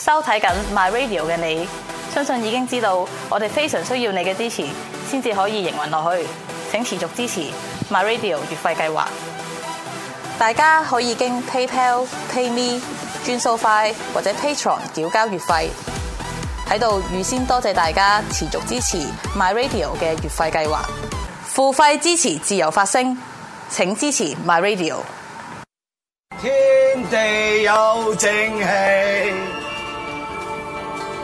收睇緊 My Radio 嘅你，相信已經知道我哋非常需要你嘅支持，先至可以營運落去。請持續支持 My Radio 月費計劃。大家可以經 PayPal、PayMe、轉數快或者 Patreon 繳交月費。喺度預先多謝大家持續支持 My Radio 嘅月費計劃。付費支持自由發聲，請支持 My Radio。天地有正氣。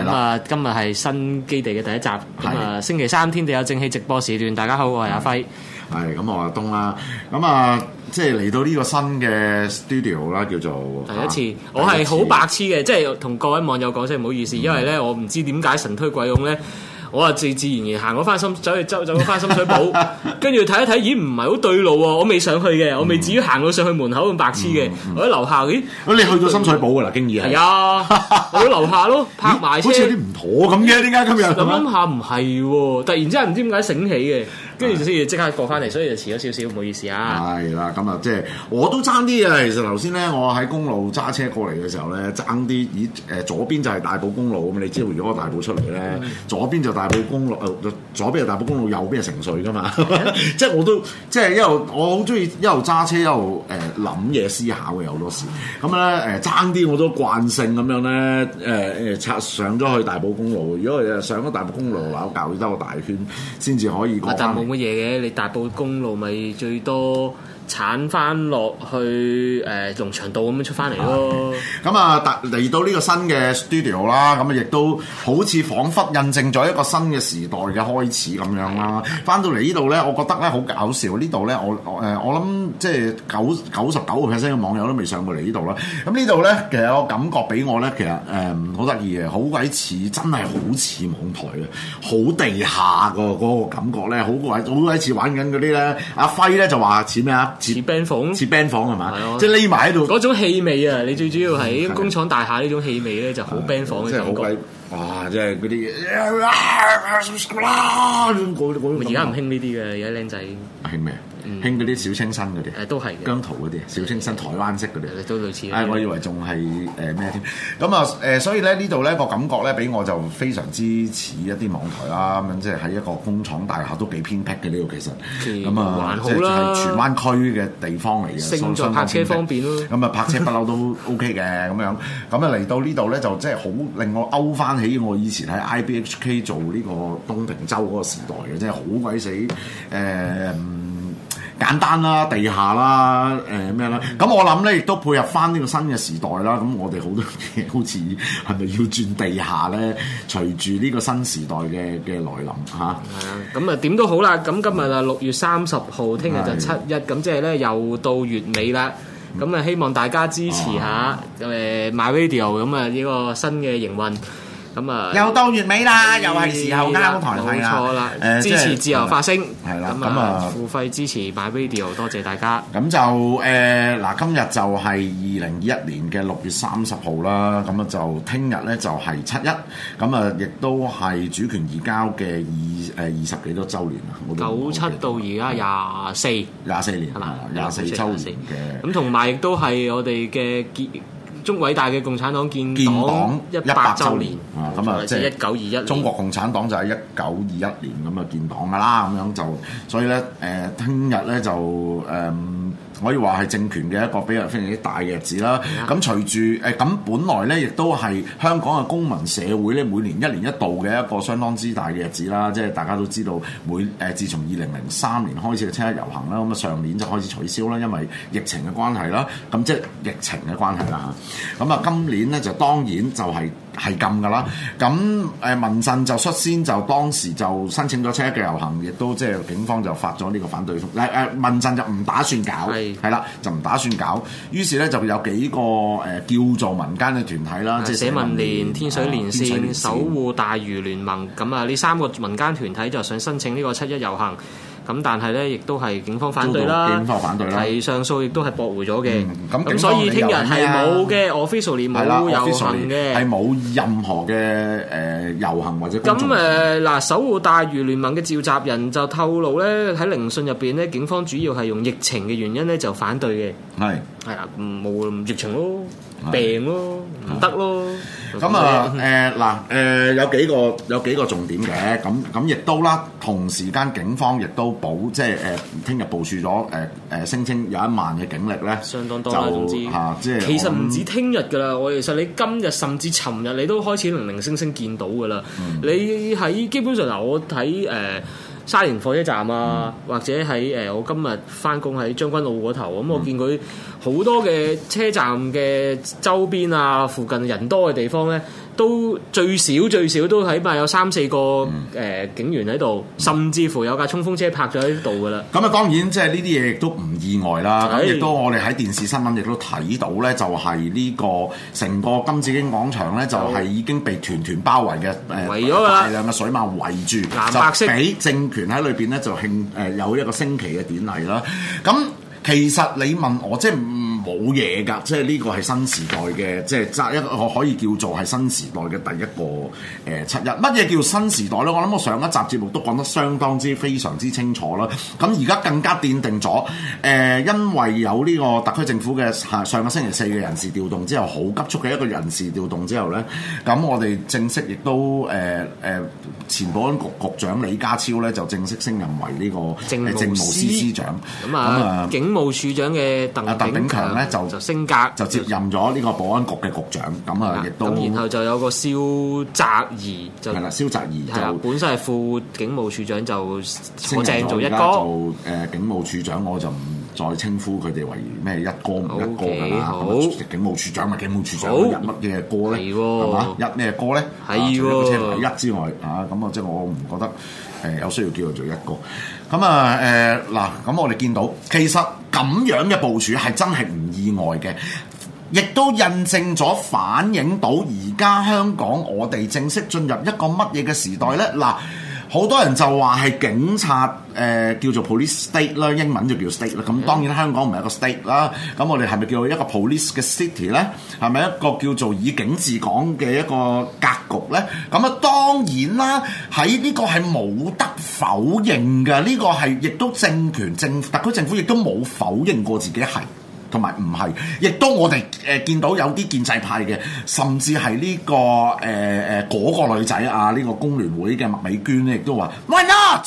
咁啊、嗯，今日係新基地嘅第一集。啊、嗯，是星期三天地有正氣直播時段，大家好，我係阿輝。係咁、嗯，我阿東啦。咁、嗯、啊，即係嚟到呢個新嘅 studio 啦，叫做第一次。啊、一次我係好白痴嘅，即係同各位網友講聲唔好意思，嗯、因為咧，我唔知點解神推鬼用咧。我話自自然然行咗翻心走去周走翻深水埗，跟住睇一睇，咦唔係好對路喎！我未上去嘅， 我未至於行到上去門口咁白痴嘅， 我喺樓下，咦？你去咗深水埗噶啦，經已係。係啊， 我喺樓下咯，拍埋車。好似有啲唔妥咁嘅，點解今日？諗諗下唔係喎，突然之間唔知點解醒起嘅。跟住先至即刻過翻嚟，所以就遲咗少少，唔好意思啊。係啦，咁啊、就是，即係我都爭啲啊。其實頭先咧，我喺公路揸車過嚟嘅時候咧，爭啲咦，誒左邊就係大埔公路咁你知道，如果我大埔出嚟咧，左邊就大埔公路，呃、左邊就大埔公路，右邊係城隧噶嘛。即 係我都即係、就是、一路我好中意一路揸車一路誒諗嘢思考嘅有好多時。咁咧誒爭啲我都慣性咁樣咧誒誒擦上咗去大埔公路。如果上咗大埔公路嗱，搞兜個大圈先至可以過。冇乜嘢嘅，你大埔公路咪最多。剷翻落去誒，農場道咁樣出翻嚟咯。咁啊，嚟到呢個新嘅 studio 啦，咁啊亦都好似仿佛印證咗一個新嘅時代嘅開始咁樣啦。翻到嚟呢度咧，我覺得咧好搞笑。呢度咧，我誒我諗即係九九十九個 percent 嘅網友都未上過嚟呢度啦。咁呢度咧，其實我感覺俾我咧，其實誒好得意嘅，好鬼似真係好似網台嘅，好地下個嗰個感覺咧，好鬼好鬼似玩緊嗰啲咧。阿輝咧就話似咩啊？似 band 房，似 band 房係嘛？係啊對，即係匿埋喺度嗰種氣味啊！你最主要喺工廠大廈呢種氣味咧，就好、是、band、嗯、房嘅感覺。即哇！真係嗰啲嘢，而家唔興呢啲嘅，而家靚仔興咩興嗰啲小清新嗰啲，誒、嗯、都係嘅，姜濤嗰啲小清新台灣式嗰啲，都類似。誒、哎，我以為仲係誒咩添？咁啊誒，所以咧呢度咧個感覺咧，俾我就非常之似一啲網台啦，咁、嗯、樣即係喺一個工廠大廈都幾偏僻嘅呢度其實。咁啊，即係荃灣區嘅地方嚟嘅，幸在泊車方便咯。咁啊、嗯、泊車不嬲都 OK 嘅咁 樣。咁啊嚟到呢度咧就真係好令我勾返起我以前喺 IBHK 做呢個東平洲嗰個時代嘅，即係好鬼死誒。呃嗯簡單啦，地下啦，誒、呃、咩啦，咁、嗯嗯嗯、我諗咧亦都配合翻呢個新嘅時代啦，咁我哋好多嘢好似係咪要轉地下咧？隨住呢個新時代嘅嘅來臨嚇，咁啊點都好啦，咁、嗯啊、今日啊六月三十號，聽日就七一，咁是即係咧又到月尾啦，咁、嗯、啊、嗯、希望大家支持下誒、啊啊、MyRadio 咁啊呢個新嘅營運。咁啊，又到月尾啦，又係時候交台慶啦！支持自由發聲，咁啊，付費支持買 MyRadio，多謝大家。咁就誒，嗱，今日就係二零二一年嘅六月三十號啦。咁啊，就聽日咧就係七一，咁啊，亦都係主權移交嘅二誒二十幾多週年啦。九七到而家廿四，廿四年係嘛？廿四週年嘅。咁同埋亦都係我哋嘅結。祝偉大嘅共產黨建黨，建黨一百周年，咁啊，啊就是、即係一九二一年，中國共產黨就喺一九二一年咁啊建黨噶啦，咁樣就所以咧，誒、呃，聽日咧就誒。呃 嗯可以話係政權嘅一個比較非常之大嘅日子啦。咁隨住誒咁本來咧，亦都係香港嘅公民社會咧，每年一年一度嘅一個相當之大嘅日子啦。即係大家都知道每，每、呃、誒自從二零零三年開始嘅七一遊行啦，咁啊上年就開始取消啦，因為疫情嘅關係啦。咁即係疫情嘅關係啦嚇。咁啊今年咧就當然就係、是。係禁㗎啦，咁誒、呃、民陣就率先就當時就申請咗七一嘅遊行，亦都即係警方就發咗呢個反對通，誒、呃、誒民陣就唔打算搞，係啦是，就唔打算搞，於是咧就有幾個誒叫做民間嘅團體啦，的即係社民連、天水連線、啊、連線守護大嶼聯盟，咁啊呢三個民間團體就想申請呢個七一遊行。咁但係咧，亦都係警方反對啦。警方反對啦，係上訴亦都係駁回咗嘅。咁所以聽日係冇嘅，我 officially 冇有行嘅，係冇任何嘅誒遊行或者。咁誒嗱，守護大嶼聯盟嘅召集人就透露咧，喺聆訊入邊咧，警方主要係用疫情嘅原因咧就反對嘅。係係喇，冇疫情咯，病咯，唔得咯。咁啊，誒嗱、 呃，誒、呃呃呃、有幾個有幾個重點嘅，咁咁亦都啦。同時間警方亦都報，即係誒，聽、呃、日部署咗誒誒，聲稱有一萬嘅警力咧，相當多啦、啊。總之嚇，即係其實唔止聽日㗎啦。我其想、嗯、實你今日甚至尋日你都開始零零星星見到㗎啦。嗯、你喺基本上嗱，我睇誒。呃沙田火車站啊，嗯、或者喺誒我今日翻工喺將軍澳嗰頭，咁、嗯、我見佢好多嘅車站嘅周邊啊、附近人多嘅地方咧。都最少最少都起碼有三四個誒、嗯呃、警員喺度，甚至乎有架衝鋒車泊咗喺度噶啦。咁啊，當然即係呢啲嘢亦都唔意外啦。咁亦是都我哋喺電視新聞亦都睇到咧，就係、是、呢個成個金紫荊廣場咧，就係、是、已經被團團包圍嘅誒圍咗大量嘅水馬圍住，藍白色俾政權喺裏邊咧就慶誒、呃、有一個升旗嘅典禮啦。咁其實你問我即係。唔？冇嘢㗎，即係呢個係新時代嘅，即係揸一個可以叫做係新時代嘅第一個誒、呃、七一。乜嘢叫新時代咧？我諗我上一集節目都講得相當之非常之清楚啦。咁而家更加奠定咗誒、呃，因為有呢個特區政府嘅上個星期四嘅人事調動之後，好急促嘅一個人事調動之後咧，咁、嗯、我哋正式亦都誒誒、呃呃，前保安局局長李家超咧就正式升任為呢、這個政務，政務司司長。咁啊，警務處長嘅鄧啊，鄧炳強。啊咧就就升格就接任咗呢個保安局嘅局長，咁啊亦都然後就有個蕭澤怡就係啦，蕭澤怡就本身係副警務處長，就升職做一哥。做誒警務處長，我就唔再稱呼佢哋為咩一哥唔一哥噶啦。好，警務處長咪警務處長，乜嘢哥咧？係喎，係嘛一咩哥咧？係喎，除咗一個車牌一之外，啊咁啊，即係我唔覺得誒有需要叫佢做一哥。咁啊誒嗱，咁我哋見到其咁樣嘅部署係真係唔意外嘅，亦都印證咗反映到而家香港我哋正式進入一個乜嘢嘅時代呢。嗱。好多人就話係警察誒、呃、叫做 police state 啦，英文就叫做 state 啦。咁當然香港唔係一個 state 啦。咁我哋係咪叫做一個 police 嘅 city 呢？係咪一個叫做以警治港嘅一個格局呢？咁啊，當然啦，喺呢個係冇得否認嘅。呢、呢個係亦都政權政特區政府亦都冇否認過自己係。同埋唔係，亦都我哋誒、呃、見到有啲建制派嘅，甚至係呢、呢個誒誒嗰個女仔啊，呢、呢個工聯會嘅麥美娟咧，亦都話 Why not?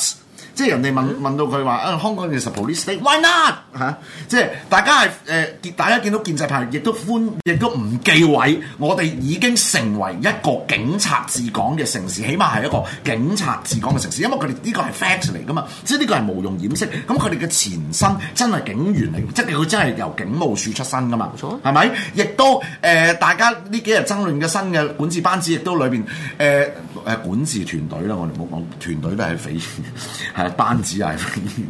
即係人哋問、嗯、問到佢話啊，香港嘅實 police state, why not 嚇？即係大家係誒見，大家見到建制派亦都寬，亦都唔忌諱。我哋已經成為一個警察治港嘅城市，起碼係一個警察治港嘅城市。因為佢哋呢個係 fact 嚟㗎嘛，即係呢個係無庸掩飾。咁佢哋嘅前身真係警員嚟，即係佢真係由警務署出身㗎嘛。冇錯、啊，係咪？亦都誒、呃，大家呢幾日爭論嘅新嘅管治班子裡，亦都裏邊誒誒管治團隊啦。我哋冇講團隊都係匪。單止係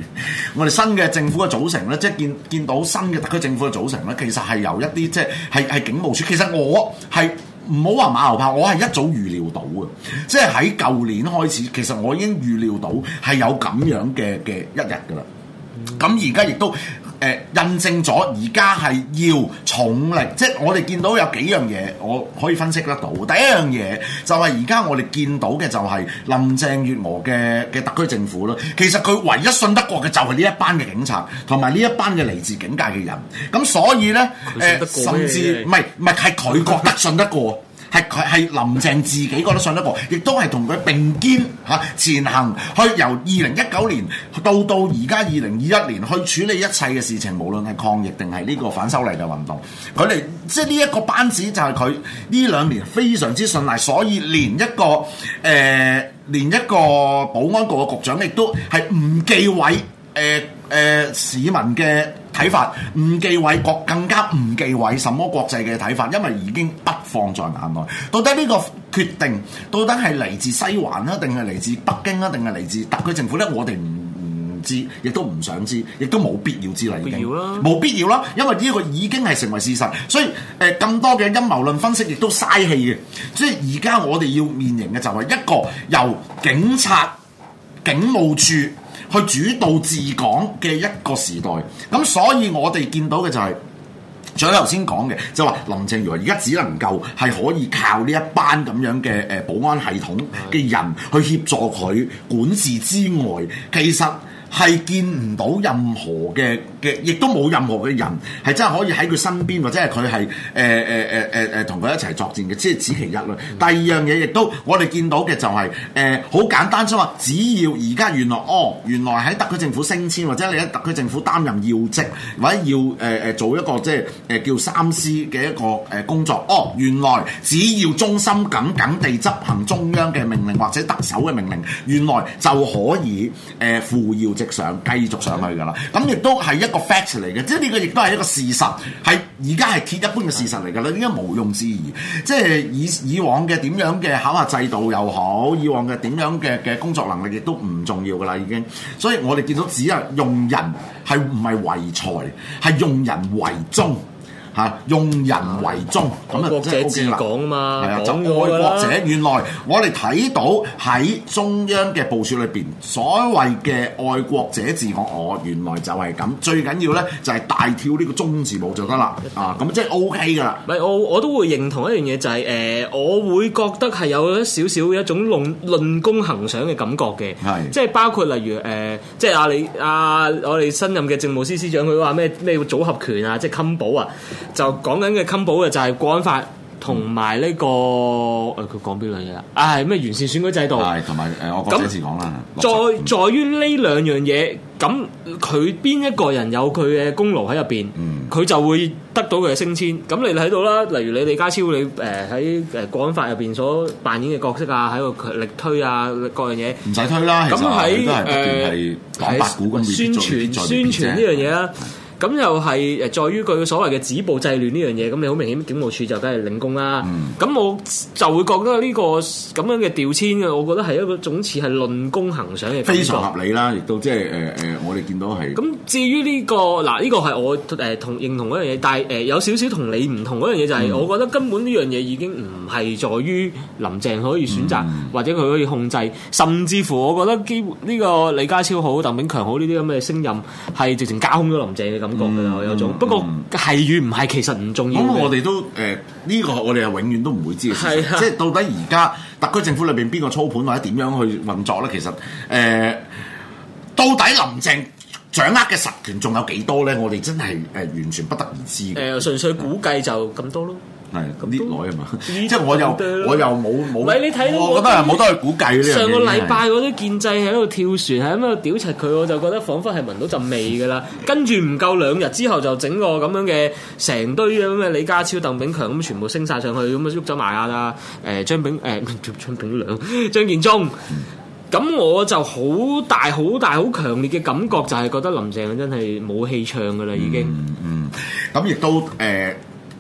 我哋新嘅政府嘅組成咧，即係見見到新嘅特區政府嘅組成咧，其實係由一啲即係係係警務處。其實我係唔好話馬後炮，我係一早預料到嘅。即係喺舊年開始，其實我已經預料到係有咁樣嘅嘅一日㗎啦。咁而家亦都，呃、印證咗，而家係要重力，即係我哋見到有幾樣嘢，我可以分析得到。第一樣嘢就係而家我哋見到嘅就係林鄭月娥嘅嘅特區政府咯。其實佢唯一信得過嘅就係呢一班嘅警察同埋呢一班嘅嚟自警界嘅人。咁所以呢，誒、呃，甚至唔係唔係係佢覺得信得過。 係佢係林鄭自己覺得信得過，亦都係同佢並肩嚇前行去。由二零一九年到到而家二零二一年，去處理一切嘅事情，無論係抗疫定係呢個反修例嘅運動。佢哋即係呢一個班子，就係佢呢兩年非常之信賴，所以連一個誒，連一個保安局嘅局長，亦都係唔忌諱誒誒市民嘅。睇法唔忌諱國，更加唔忌諱什麼國際嘅睇法，因為已經不放在眼內。到底呢個決定，到底係嚟自西環啊，定係嚟自北京啊，定係嚟自特區政府呢？我哋唔知，亦都唔想知，亦都冇必要知啦。已經冇必要啦，因為呢個已經係成為事實。所以誒、呃，更多嘅陰謀論分析亦都嘥氣嘅。即係而家我哋要面迎嘅就係一個由警察、警務處。去主導治港嘅一個時代，咁所以我哋見到嘅就係、是，除咗頭先講嘅，就話、是、林鄭如而家只能夠係可以靠呢一班咁樣嘅誒保安系統嘅人去協助佢管治之外，其實。係見唔到任何嘅嘅，亦都冇任何嘅人係真係可以喺佢身邊，或者係佢係誒誒誒誒誒同佢一齊作戰嘅，即係指其一啦。第二樣嘢亦都我哋見到嘅就係誒好簡單啫嘛，只要而家原來哦，原來喺特區政府升遷，或者你喺特區政府擔任要職，或者要誒誒、呃、做一個即係誒、呃、叫三司嘅一個誒工作，哦，原來只要忠心耿耿地執行中央嘅命令或者特首嘅命令，原來就可以誒、呃、扶搖。直上繼續上去㗎啦，咁亦都係一個 fact 嚟嘅，即係呢個亦都係一個事實，係而家係鐵一般嘅事實嚟㗎啦，依家無庸置疑。即係以以往嘅點樣嘅考核制度又好，以往嘅點樣嘅嘅工作能力亦都唔重要㗎啦，已經。所以我哋見到只係用人係唔係唯才，係用人唯忠。嚇，用人為忠咁啊！就即係、OK、自講啊嘛，講嘅是啦。愛國者原來我哋睇到喺中央嘅部署裏邊，所謂嘅愛國者治港，我、哦、原來就係咁。最緊要咧就係大跳呢個中字舞就得啦。的啊，咁即係 O K 噶啦。唔、啊、我我都會認同一樣嘢，就係、是、誒、呃，我會覺得係有一少少一種論論功行賞嘅感覺嘅。係的，即係包括例如誒，即係阿李阿我哋新任嘅政務司司長，佢話咩咩組合拳啊，即係 combo 啊。就講緊嘅襟保嘅就係國安法同埋呢個誒，佢講邊兩嘢啦？啊，係咩完善選舉制度？係同埋誒，我暫時講啦。在在於呢兩樣嘢，咁佢邊一個人有佢嘅功勞喺入邊，佢就會得到佢嘅升遷。咁你睇到啦，例如你李家超，你誒喺誒國安法入邊所扮演嘅角色啊，喺度力推啊各樣嘢，唔使推啦。咁喺誒喺宣傳宣傳呢樣嘢啦。咁又係誒在於佢所謂嘅止暴制亂呢樣嘢，咁你好明顯警務處就梗係領功啦。咁、嗯、我就會覺得呢、這個咁樣嘅調遷啊，我覺得係一個總之係論功行賞嘅非常合理啦，亦都即係誒誒我哋見到係咁至於呢、這個嗱，呢個係我誒、呃、同認同嗰樣嘢，但係誒、呃、有少少你同你唔同樣嘢就係我覺得根本呢樣嘢已經唔係在於林鄭可以選擇、嗯、或者佢可以控制，甚至乎我覺得基本呢個李家超好、鄧炳強好呢啲咁嘅升任係直情架空咗林鄭嘅。感覺嘅，我有種不過係與唔係，其實唔重要。咁我哋都誒呢個，我哋又永遠都唔會知嘅事。即係到底而家特區政府裏邊邊個操盤或者點樣去運作咧？其實誒，到底林鄭掌握嘅實權仲有幾多咧？我哋真係誒完全不得而知嘅。誒，純粹估計就咁多咯。咁啲耐係嘛，即係、嗯、我又我又冇冇，你睇我覺得係冇得去估計。上個禮拜啲建制喺度跳船，喺度屌柒佢，我就覺得彷彿係聞到陣味噶啦。跟住唔夠兩日之後，就整個咁樣嘅成堆咁嘅李家超、鄧炳強咁，全部升晒上去咁啊，喐走埋啊！誒張炳誒叫、哎、張炳良、張建宗。咁、嗯、我就好大、好大、好強烈嘅感覺，就係覺得林鄭真係冇戲唱噶啦，已經、嗯。嗯，咁亦都誒。嗯嗯嗯嗯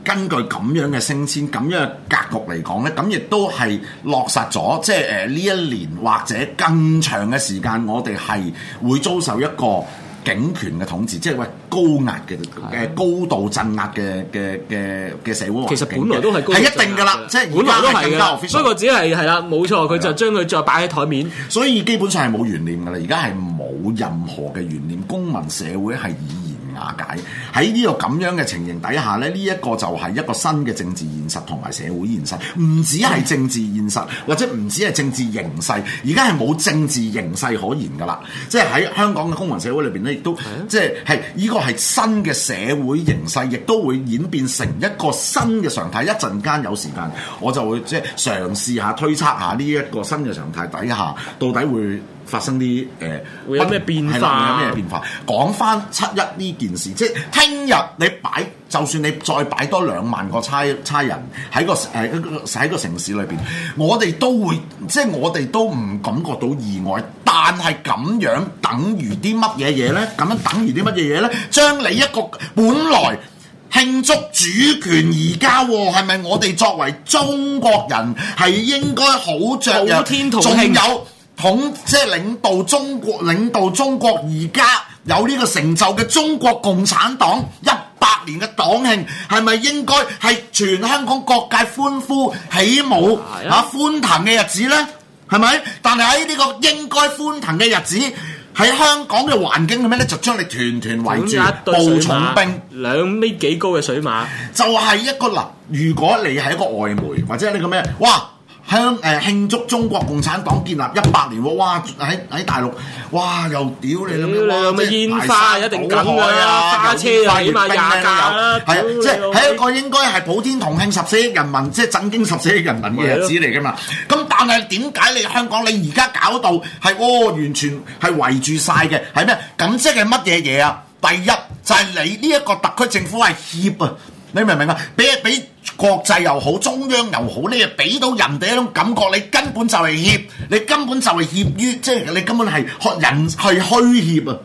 根據咁樣嘅升遷、咁樣嘅格局嚟講咧，咁亦都係落實咗，即係誒呢一年或者更長嘅時間，我哋係會遭受一個警權嘅統治，即係喂高壓嘅嘅的高度鎮壓嘅嘅嘅嘅社會。其實本來都係係一定㗎啦，即係本來都係嘅。所以個只係係啦，冇錯，佢就將佢再擺喺台面，的所以基本上係冇懸念㗎啦。而家係冇任何嘅懸念，公民社會係以。瓦解喺呢個咁樣嘅情形底下咧，呢、這、一個就係一個新嘅政治現實同埋社會現實，唔止係政治現實，或者唔止係政治形勢，而家係冇政治形勢可言㗎喇。即係喺香港嘅公民社會裏邊咧，亦都、啊、即係係呢個係新嘅社會形勢，亦都會演變成一個新嘅常態。一陣間有時間我就會即係嘗試下推測下呢一個新嘅常態底下到底會。發生啲誒、呃、會有咩變化？會有咩變化？講翻七一呢件事，即係聽日你擺，就算你再擺多兩萬個差差人喺個誒喺、呃、個,個,個,個,個,個城市裏邊，我哋都會即係、就是、我哋都唔感覺到意外。但係咁樣等於啲乜嘢嘢咧？咁、嗯、樣等於啲乜嘢嘢咧？將你一個本來慶祝主權移交、哦，而家係咪我哋作為中國人係應該好著重？天有。統即係領導中國，領導中國而家有呢個成就嘅中國共產黨一百年嘅黨慶，係咪應該係全香港各界歡呼起舞啊，歡騰嘅日子呢？係咪？但係喺呢個應該歡騰嘅日子，喺香港嘅環境裏面咧？就將你團團圍住，佈重兵兩米幾高嘅水馬，就係一個嗱。如果你係一個外媒或者呢個咩，哇！香誒慶祝中國共產黨建立一百年，哇！喺喺大陸，哇！又屌你老味，煙花一定搞開啦，揸車啊，煙花炸架啊，係啊，即係喺一個應該係普天同慶十四億人民，即係震驚十四億人民嘅日子嚟噶嘛。咁但係點解你香港你而家搞到係哦，完全係圍住晒嘅，係咩？咁即係乜嘢嘢啊？第一就係你呢一個特區政府係怯啊！你明唔明啊？俾俾國際又好，中央又好，你啊俾到人哋一種感覺，你根本就係怯，你根本就係怯於，即係你根本係學人係虛怯啊！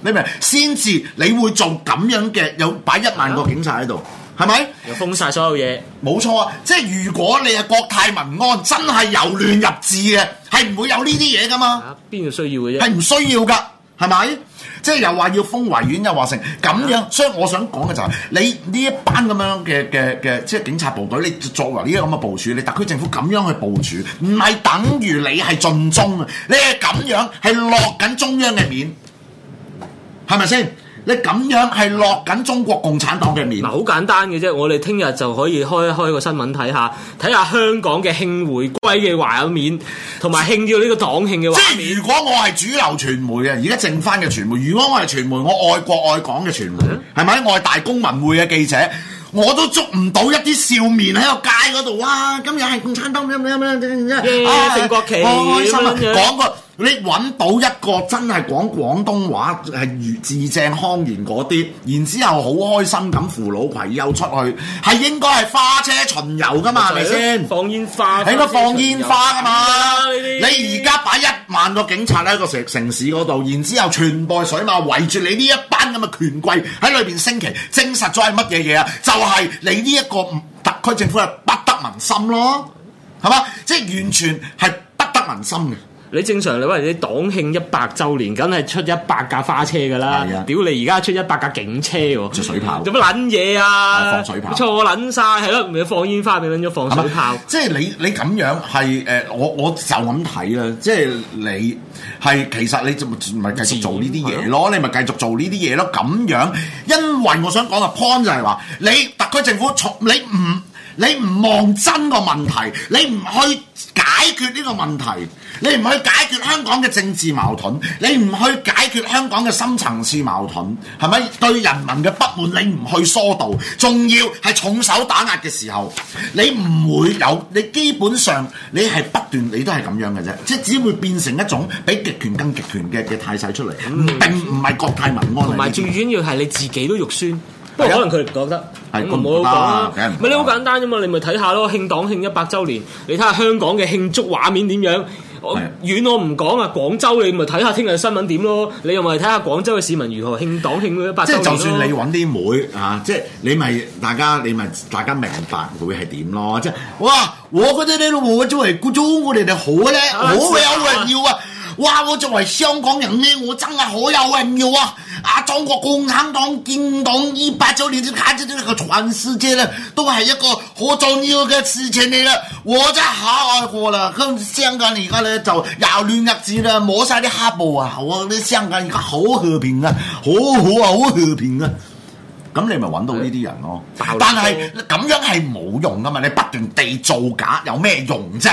你明？先至你會做咁樣嘅，有擺一萬個警察喺度，係咪？又封晒所有嘢，冇錯啊！即係如果你係國泰民安，真係由亂入治嘅，係唔會有呢啲嘢噶嘛？邊個需要嘅啫？係唔需要㗎？係咪？即係又話要封維園，又話成咁樣，所以我想講嘅就係，你呢一班咁樣嘅嘅嘅，即係警察部隊，你作為呢啲咁嘅部署，你特區政府咁樣去部署，唔係等於你係盡忠啊？你係咁樣係落緊中央嘅面，係咪先？你咁樣係落緊中國共產黨嘅面，啊，好簡單嘅啫。我哋聽日就可以開一開個新聞睇下，睇下香港嘅慶回歸嘅話有面，同埋慶叫呢個黨慶嘅話。即係如果我係主流傳媒嘅，而家剩返嘅傳媒，如果我係傳媒，我愛國愛港嘅傳媒，係咪、啊？我係大公文匯嘅記者，我都捉唔到一啲笑面喺個街嗰度啊！今日係共產黨咩咩咩咩咩啊！成個、yeah, 奇觀啊！講個、啊。啊過你揾到一個真係講廣東話係如字正腔圓嗰啲，然之後好開心咁扶老攜幼出去，係應該係花車巡遊噶嘛？係咪先放煙花？係咪放煙花噶嘛？你而家擺一萬個警察喺個城市嗰度，然之後全部水馬圍住你呢一班咁嘅權貴喺裏邊升旗，證實咗係乜嘢嘢啊？就係、是、你呢一個特區政府係不得民心咯，係嘛？即係完全係不得民心嘅。你正常，你話你黨慶一百周年，梗係出一百架花車噶啦，屌你而家出一百架警車喎，做水炮做乜撚嘢啊？放水炮錯捻晒係咯，唔係放煙花，變咗放水炮。即係你你咁樣係誒，我我就咁睇啦。即係你係其實你唔咪繼續做呢啲嘢咯，潛你咪繼續做呢啲嘢咯。咁樣，因為我想講嘅 point 就係話，你特區政府從你唔。你唔望真個問題，你唔去解決呢個問題，你唔去解決香港嘅政治矛盾，你唔去解決香港嘅深層次矛盾，係咪對人民嘅不滿你唔去疏導，仲要係重手打壓嘅時候，你唔會有，你基本上你係不斷你都係咁樣嘅啫，即係只會變成一種比極權更極權嘅嘅態勢出嚟，並唔係國泰民安。同埋最緊要係你自己都肉酸。不過可能佢哋覺得係咁冇講啦，唔係的你好簡單啫嘛，你咪睇下咯，慶黨慶一百週年，你睇下香港嘅慶祝畫面點樣。我的遠我唔講啊，廣州你咪睇下聽日新聞點咯，你又咪睇下廣州嘅市民如何慶黨慶一百週年咯。即係就算你揾啲妹啊，即係你咪大家你咪大家明白會係點咯？即係哇，我覺得咧，我作為姑姑，我哋哋，好咧，好有人要啊！哇！我作為香港人咧，我真係好有榮耀啊！啊，中國共產黨建黨一百周年，就睇住咗呢個全世界咧，都係一個好重要嘅事情嚟啦。我真係好愛國啦！咁香港而家咧就又亂日子啦，摸晒啲黑暴啊！我啲香港而家好和平噶，好好啊，好和平噶、啊。咁你咪揾到呢啲人咯、哦的啊？但係咁的樣係冇用噶嘛？你不斷地造假，有咩用啫？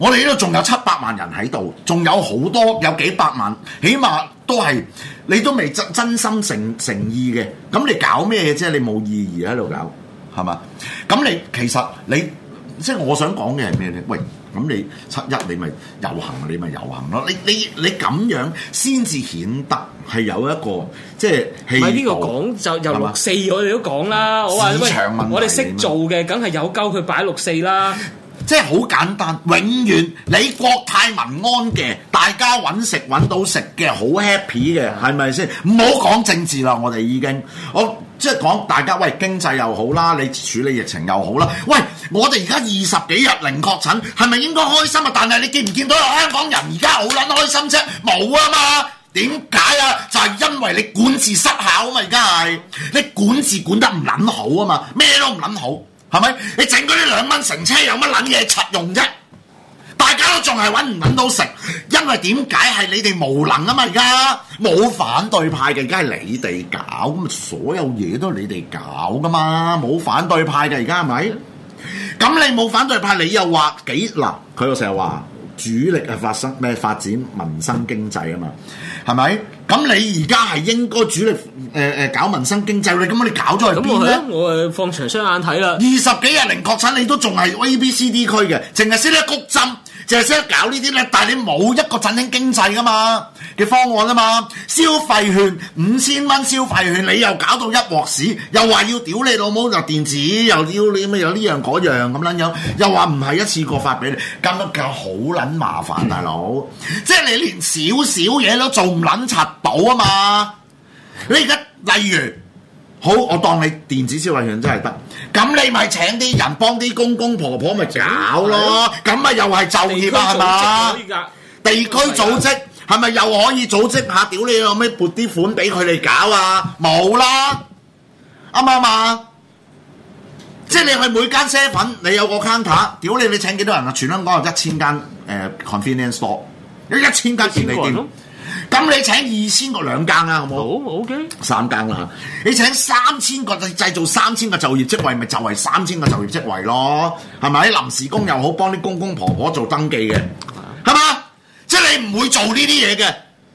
我哋呢度仲有七百萬人喺度，仲有好多有幾百萬，起碼都係你都未真真心誠誠意嘅，咁你搞咩嘢啫？你冇意義喺度搞，係嘛？咁你其實你即係我想講嘅係咩咧？喂，咁你七一你咪遊行，你咪遊行咯！你你你咁樣先至顯得係有一個即係。唔係呢個講就有六四我哋都講啦，吧我話說喂，我哋識做嘅梗係有鳩佢擺六四啦。即係好簡單，永遠你國泰民安嘅，大家揾食揾到食嘅，好 happy 嘅，係咪先？唔好講政治啦，我哋已經，我即係講大家喂，經濟又好啦，你處理疫情又好啦，喂，我哋而家二十幾日零確診，係咪應該開心啊？但係你見唔見到有香港人而家好撚開心啫，啊？冇啊嘛，點解啊？就係、是、因為你管治失效啊嘛，而家係你管治管得唔撚好啊嘛，咩都唔撚好。係咪？你整嗰啲兩蚊乘車有乜撚嘢柒用啫？大家都仲係揾唔揾到食，因為點解係你哋無能啊嘛？而家冇反對派嘅，而家係你哋搞，咁所有嘢都係你哋搞噶嘛？冇反對派嘅，而家係咪？咁你冇反對派，你又話幾嗱？佢、啊、又成日話主力係發生咩發展民生經濟啊嘛？係咪？咁你而家係應該主力誒誒、呃、搞民生經濟，你咁樣你搞咗去邊咧？咁我咧，我放長雙眼睇啦。二十幾日零確診，你都仲係 A、B、C、D 區嘅，淨係識得谷針，淨係識得搞呢啲咧。但係你冇一個振興經濟噶嘛嘅方案噶嘛，消費券五千蚊消費券，你又搞到一鑊屎，又話要屌你老母就電子，又要你咩又呢樣嗰樣咁撚樣，又話唔係一次過發俾你，咁樣搞好撚麻煩，大佬，即係 你連少少嘢都做唔撚柒。保啊嘛！你而家例如好，我當你電子消費券真係得，咁你咪請啲人幫啲公公婆婆咪搞咯，咁咪又係就業啊，係嘛？地區組織係咪的又可以組織下？屌你有咩撥啲款俾佢哋搞啊？冇啦，啱唔啱啊？即係你去每間商粉，你有個 counter，屌你你請幾多人啊？全香港有一千間誒 convenience store，你一千間便利店。咁你請二千個兩間啊，好唔好？OK，三間啦，你請三千個製造三千個就業職位，咪就係三千個就業職位咯，係咪？臨時工又好，幫啲公公婆婆做登記嘅，係嘛？即係你唔會做呢啲嘢嘅，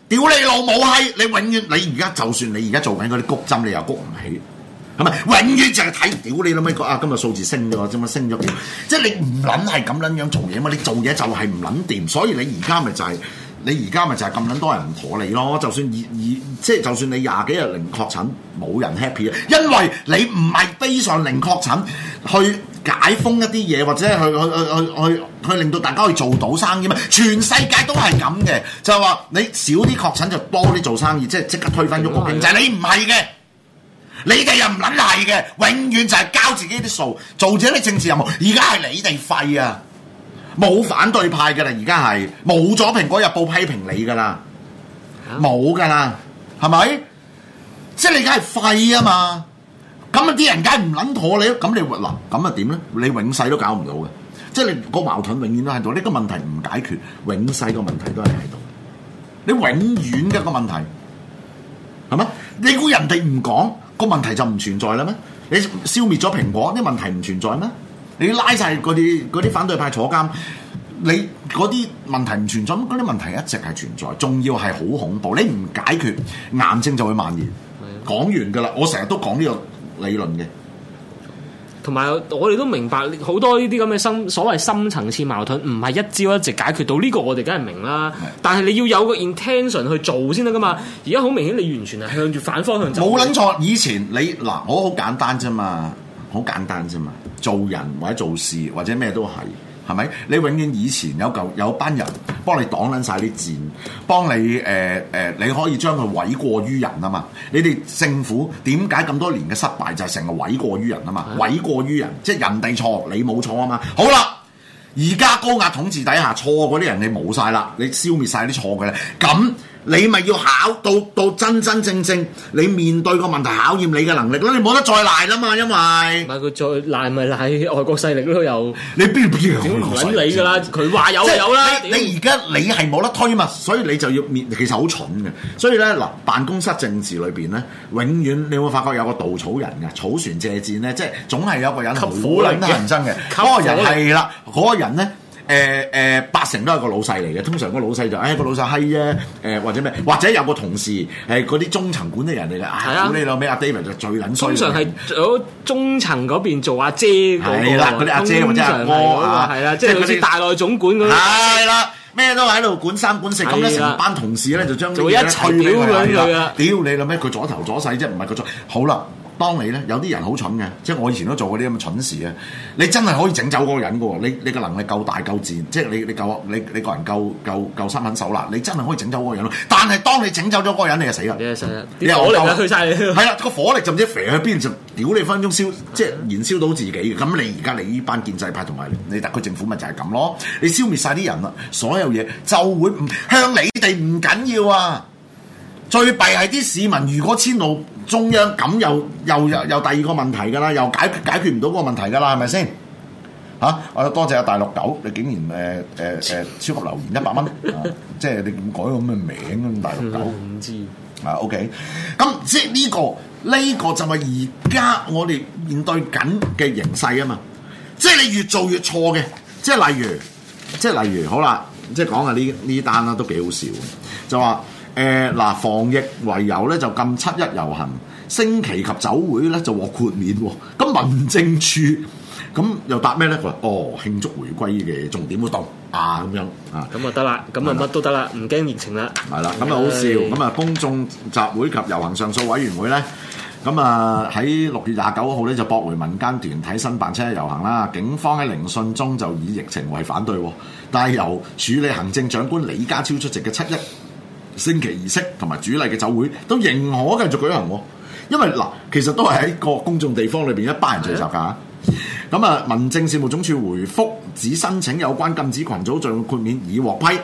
屌你老母閪！你永遠你而家就算你而家做緊嗰啲谷針，你又谷唔起，係咪？永遠就係睇屌你老味個啊！今日數字升咗，點樣升咗啲？即係你唔諗係咁樣樣做嘢嘛？你做嘢就係唔諗掂，所以你而家咪就係。你而家咪就係咁撚多人唔妥你咯？就算二二，即係就算你廿幾日零確診，冇人 happy 啊！因為你唔係非常零確診，去解封一啲嘢，或者去去去去去去令到大家去做到生意。咩？全世界都係咁嘅，就係話你少啲確診就多啲做生意，即係即刻推翻咗個經濟。你唔係嘅，你哋又唔撚係嘅，永遠就係交自己啲數，做自己啲政治任務。而家係你哋廢啊！冇反對派嘅啦，而家係冇咗《蘋果日報》批評你噶啦，冇噶啦，係咪？即係你梗係廢啊嘛！咁啊啲人梗係唔撚妥你咯，咁你嗱咁啊點咧？你永世都搞唔到嘅，即係你個矛盾永遠都喺度。呢個問題唔解決，永世個問題都係喺度。你永遠嘅個問題係咪？你估人哋唔講個問題就唔存在啦咩？你消滅咗蘋果，啲問題唔存在咩？你拉晒嗰啲啲反對派坐監，你嗰啲問題唔存在？咁嗰啲問題一直係存在，仲要係好恐怖。你唔解決，癌症就會蔓延。的講完噶啦，我成日都講呢個理論嘅。同埋我哋都明白好多呢啲咁嘅深所謂深層次矛盾，唔係一朝一夕解決到呢、呢個我，我哋梗係明啦。但係你要有個 intention 去做先得噶嘛。而家好明顯，你完全係向住反方向走。冇諗錯，以前你嗱，我好，好簡單啫嘛。好簡單啫嘛，做人或者做事或者咩都係，係咪？你永遠以前有嚿有班人幫你擋撚晒啲箭，幫你誒誒、呃呃，你可以將佢諉過於人啊嘛。你哋政府點解咁多年嘅失敗就係成日諉過於人啊嘛？嗎諉過於人，即係人哋錯，你冇錯啊嘛。好啦，而家高壓統治底下錯嗰啲人你冇晒啦，你消滅晒啲錯嘅咧，咁。你咪要考到到真真正正，你面對個問題考驗你嘅能力啦，你冇得再賴啦嘛，因為唔係佢再賴咪賴外國勢力都有，你邊樣揾你噶啦？佢話是有就有啦。你而家樣你係冇得推嘛，所以你就要面，其實好蠢嘅。所以咧嗱、呃，辦公室政治裏邊咧，永遠你會發覺有個稻草人嘅草船借箭咧，即係總係有個人好諗得人憎嘅嗰個人係啦，嗰、嗰個人咧。誒誒，八成都係個老細嚟嘅，通常個老細就誒個老細閪啫，誒或者咩，或者有個同事誒嗰啲中層管理人嚟嘅，管理樓咩？阿 David 就最撚衰。通常係中層嗰邊做阿姐嗰個，係啦，啲阿姐咪真係，係啦，即係嗰啲大內總管嗰啲。係啦，咩都喺度管三管四，咁咧成班同事咧就將就一齊屌佢啊，屌你啦咩？佢左頭左勢啫，唔係佢左。好啦。當你咧有啲人好蠢嘅，即係我以前都做過啲咁嘅蠢事嘅。你真係可以整走嗰個人嘅喎，你你嘅能力夠大夠賤，即係你你夠你你個人夠夠夠心狠手辣，你真係可以整走嗰個人咯。但係當你整走咗嗰個人，你就死啦！嗯、你又死啦！你又嚟啦，去晒係啦，個火力就唔知飛去邊，就屌你分分鐘燒，即係 燃燒到自己嘅。咁你而家你呢班建制派同埋你特區政府咪就係咁咯？你消滅晒啲人啦，所有嘢就會唔向你哋唔緊要啊！ 最弊係啲市民，如果遷怒中央，咁又又又又第二個問題噶啦，又解解決唔到嗰個問題噶啦，係咪先？嚇、啊！我多謝阿大陸狗，你竟然誒誒誒超級留言一百蚊，即係你改個咁嘅名咁大陸狗？五 G 啊 OK，咁即係、呢、呢個呢、呢個就係而家我哋面對緊嘅形勢啊嘛，即係你越做越錯嘅，即係例如即係例如好啦，即係講下呢呢單啦都幾好笑，就話。誒嗱、呃，防疫為由咧就禁七一遊行，升旗及酒會咧就獲豁免咁、啊、民政處咁、啊、又答咩咧？佢話：哦，慶祝回歸嘅重點活動啊咁樣啊。咁啊得啦，咁啊乜都得啦，唔驚疫情啦。係啦、啊，咁啊，啊，啊、哎、好笑。咁啊，公眾集會及遊行上訴委員會咧，咁啊喺六月廿九號咧就駁回民間團體申辦七一遊行啦。警方喺聆訊中就以疫情為反對，啊、但係由處理行政長官李家超出席嘅七一。升旗儀式同埋主禮嘅酒會都仍可繼續舉行，因為嗱，其實都係喺個公眾地方裏邊一班人聚集㗎。咁啊，啊，民政事務總署回覆，指申請有關禁止群組聚會豁免已獲批，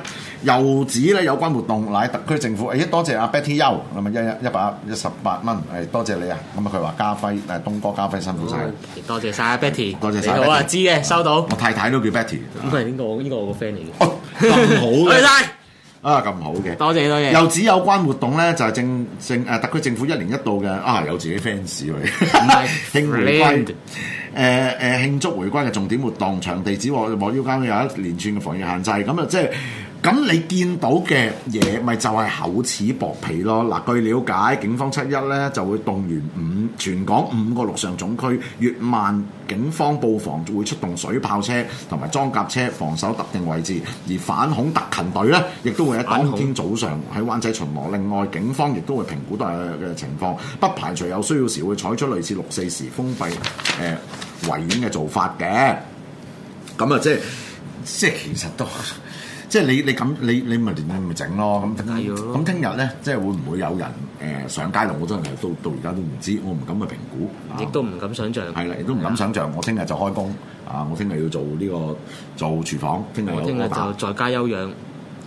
又指咧有關活動乃特區政府。誒、哎，多謝阿 Betty 優，咁啊，一一一百一十八蚊，誒，多謝你啊。咁啊，佢話嘉輝誒東哥嘉輝辛苦晒、哦。多謝晒 Betty，多謝晒。你好 Betty，啊，啊知嘅，收到。我太太都叫 Betty，佢係呢、啊這個呢、這個這個我個 friend 嚟嘅，咁、哦、好。 啊咁好嘅，多謝多謝。又指有關活動咧，就係政政誒特區政府一年一度嘅啊，有自己 fans 唔係慶回歸誒誒 F land.、呃呃、慶祝回歸嘅重點活動場地址，只我望腰間有一連串嘅防疫限制，咁啊即係。咁你見到嘅嘢，咪就係厚此薄彼咯。嗱，據了解，警方七一咧就會動員五全港五個陸上總區、逾萬警方布防，會出動水炮車同埋裝甲車防守特定位置。而反恐特勤隊咧，亦都會喺當天早上喺灣仔巡邏。另外，警方亦都會評估大嘅情況，不排除有需要時會採取類似六四時封閉誒維園嘅做法嘅。咁啊，即係即係其實都。即係你你咁你你咪你咪整咯，咁梗係要咁，聽日咧，即係會唔會有人誒上街？我真係到到而家都唔知，我唔敢去評估，亦都唔敢想像。係啦的，亦都唔敢想像。的我聽日就開工啊！我聽日要做呢、呢個做廚房。我聽日就在家休養、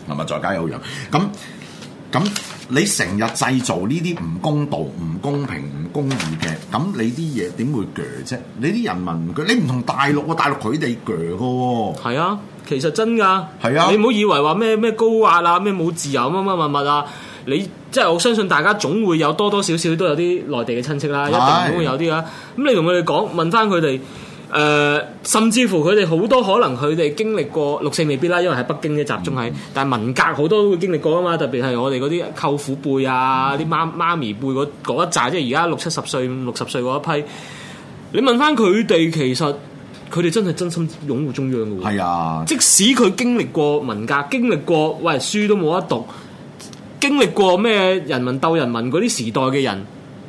嗯，係咪在家休養？咁、嗯、咁、嗯嗯嗯嗯嗯、你成日製造呢啲唔公道、唔公平、唔公義嘅，咁你啲嘢點會鋸啫？你啲人民唔鋸，你唔同大陸喎，大陸佢哋鋸嘅喎。係啊。 其實真噶，啊、你唔好以為話咩咩高壓啊，咩冇自由乜乜乜物啊！你即係我相信大家總會有多多少少都有啲內地嘅親戚啦、啊，啊、一定都會有啲啦、啊。咁你同佢哋講，問翻佢哋，誒、呃，甚至乎佢哋好多可能佢哋經歷過六四未必啦，因為喺北京嘅集中喺，嗯、但係文革好多都會經歷過啊嘛。特別係我哋嗰啲舅父輩啊，啲、嗯、媽媽咪輩嗰一紮，即係而家六七十歲、六十歲嗰一批，你問翻佢哋其實。佢哋真係真心擁護中央嘅喎，係啊！即使佢經歷過文革，經歷過喂書都冇得讀，經歷過咩人民鬥人民嗰啲時代嘅人，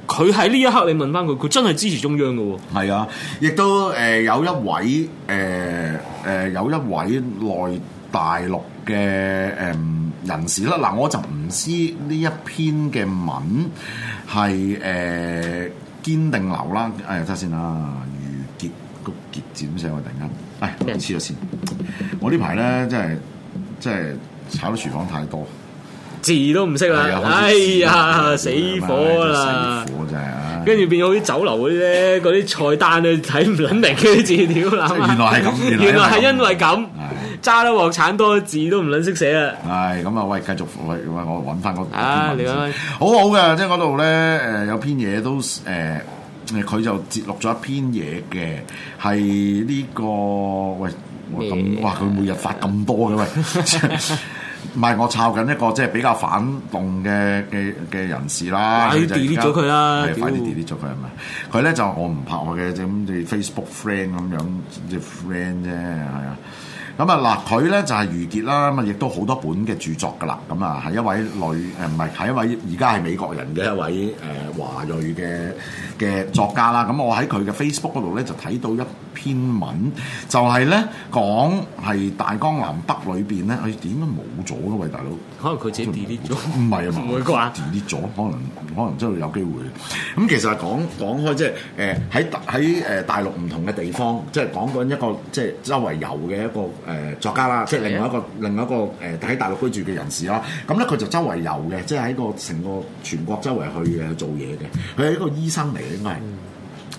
佢喺呢一刻你問翻佢，佢真係支持中央嘅喎。係啊，亦都誒、呃、有一位誒誒、呃呃、有一位內大陸嘅誒、呃、人士啦。嗱、呃，我就唔知呢一篇嘅文係誒、呃、堅定流啦。誒、呃，睇下先啦。個結字咁寫突然間，唉，俾人黐咗先。我呢排咧，真係真係炒到廚房太多字都唔識啦。哎呀，死火啦！火真係。跟住變咗啲酒樓嗰啲咧，嗰啲菜單咧睇唔撚明嗰啲字條啦。原來係咁，原來係因為咁。揸得鑊鏟多字都唔撚識寫啦。係咁啊！喂，繼續喂，喂，我揾翻嗰、啊好好嘅，即係嗰度咧，誒有篇嘢都誒。誒佢就截錄咗一篇嘢嘅，係呢個喂，哇！佢每日發咁多嘅喂，唔係 我抄緊一個即係比較反動嘅嘅嘅人士 你啦，係 delete 咗佢啦，係 快啲 delete 咗佢係咪？佢咧就我唔拍我嘅，就咁對 Facebook friend 咁樣，即係 friend 啫，係啊。咁啊嗱，佢咧就係、是、余杰啦，咁啊亦都好多本嘅著作㗎啦。咁啊係一位女，誒唔係，係一位而家係美國人嘅一位誒、呃、華裔嘅嘅作家啦。咁、嗯、我喺佢嘅 Facebook 嗰度咧就睇到一篇文就呢，就係咧講係大江南北裏邊咧，佢點解冇咗囉？喂，大佬，可能佢自己 delete 咗，唔係啊嘛，唔會啩 delete 咗，可能可能真係有機會。咁、嗯、其實講講開即係誒喺喺誒大陸唔同嘅地方，即係講緊一個即係周圍遊嘅一個。一個誒作家啦，即係另外一個，另外一個誒喺大陸居住嘅人士啦。咁咧佢就周圍遊嘅，即係喺個成個全國周圍去誒做嘢嘅。佢係一個醫生嚟嘅，應該係。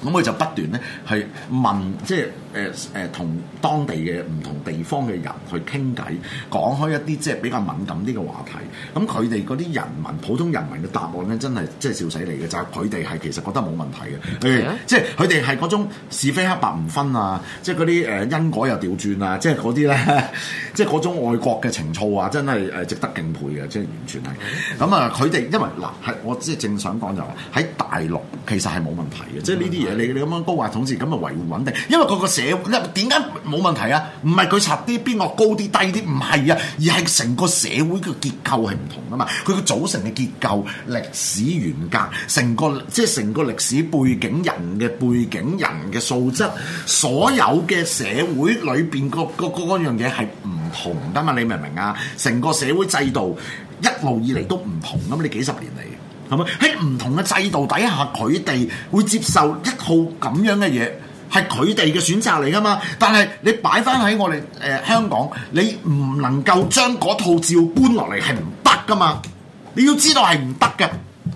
咁佢就不斷咧係問，即係誒誒同當地嘅唔同地方嘅人去傾偈，講開一啲即係比較敏感啲嘅話題，咁佢哋啲人民、普通人民嘅答案咧，真係即係笑死你嘅，就係佢哋係其實覺得冇問題嘅，誒、啊嗯，即係佢哋係種是非黑白唔分啊，即係啲誒因果又調轉啊，即係啲咧， 即係種種愛國嘅情操啊，真係誒值得敬佩嘅，即係完全係。咁啊，佢、嗯、哋、嗯、因為嗱係我即係正想講就話喺大陸其實係冇問題嘅，即係呢啲嘢。你你咁樣高壓統治，咁咪維護穩定，因為個個社會呢，點解冇問題啊？唔係佢拆啲邊個高啲低啲，唔係啊，而係成個社會嘅結構係唔同啊嘛。佢個組成嘅結構、歷史沿革、成個即係成個歷史背景人、人嘅背景、人嘅素質，所有嘅社會裏邊、嗰個、嗰個嗰樣嘢係唔同噶嘛？你明唔明啊？成個社會制度一路以嚟都唔同噶嘛？你幾十年嚟。咁啊喺唔同嘅制度底下，佢哋會接受一套咁樣嘅嘢，係佢哋嘅選擇嚟噶嘛？但係你擺返喺我哋誒、呃、香港，你唔能夠將嗰套照搬落嚟係唔得噶嘛？你要知道係唔得嘅，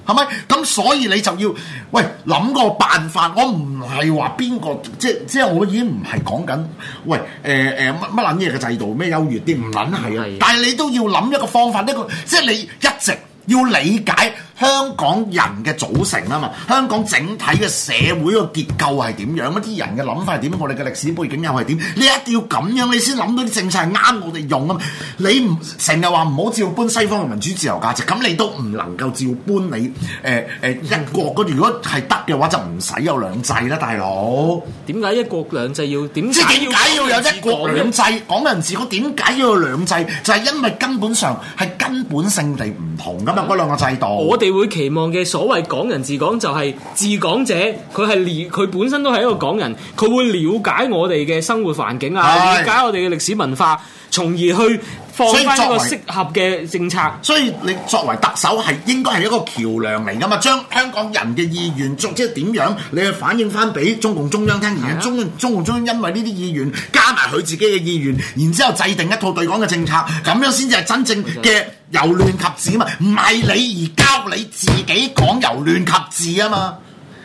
係咪？咁所以你就要喂諗個辦法。我唔係話邊個，即係即係我已經唔係講緊喂誒誒乜乜撚嘢嘅制度，咩優越啲唔撚係啊！的但係你都要諗一個方法，一個即係你一直要理解。香港人嘅組成吖嘛，香港整體嘅社會嘅結構係點樣啊？啲人嘅諗法係點？我哋嘅歷史背景又係點？你一定要咁樣，你先諗到啲政策係啱我哋用啊！你唔成日話唔好照搬西方嘅民主自由價值，咁你都唔能夠照搬你誒誒、呃、一國嗰。如果係得嘅話，就唔使有兩制啦，大佬。點解一國兩制要點？即係點解要有？一國兩制講人治，我點解要有兩制？就係、是、因為根本上係根本性地唔同咁啊！嗰的兩個制度，會期望嘅所謂港人治港，就係治港者佢係了佢本身都係一個港人，佢會了解我哋嘅生活環境是啊，了解我哋嘅歷史文化，從而去。所以，作個適合嘅政策所。所以你作為特首係應該係一個橋梁嚟㗎嘛，將香港人嘅意願，作即係點樣，你去反映翻俾中共中央聽。而、啊、中中共中央因為呢啲意願，加埋佢自己嘅意願，然之後制定一套對港嘅政策，咁樣先至係真正嘅由亂及治啊嘛。唔係你而交你自己講由亂及治啊嘛，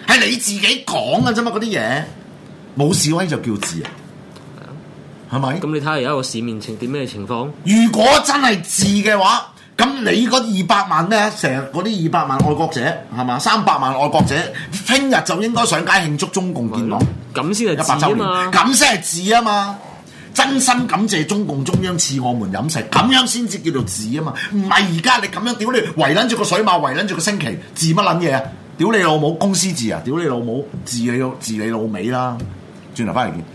係你自己講嘅啫嘛，嗰啲嘢冇示威就叫治啊。係咪？咁你睇下而家個市面情點咩情況？如果真係治嘅話，咁你嗰二百萬咧，成日嗰啲二百萬愛國者係嘛，三百萬愛國者，聽日就應該上街慶祝中共建黨，咁先係一百周年，咁先係治啊嘛，真心感謝中共中央賜我們飲食，咁樣先至叫做治啊嘛，唔係而家你咁樣屌你，圍捻住個水馬，圍捻住個升旗，治乜捻嘢啊？屌你老母，公司治啊？屌你老母，治你老治你老尾啦！轉頭翻嚟見。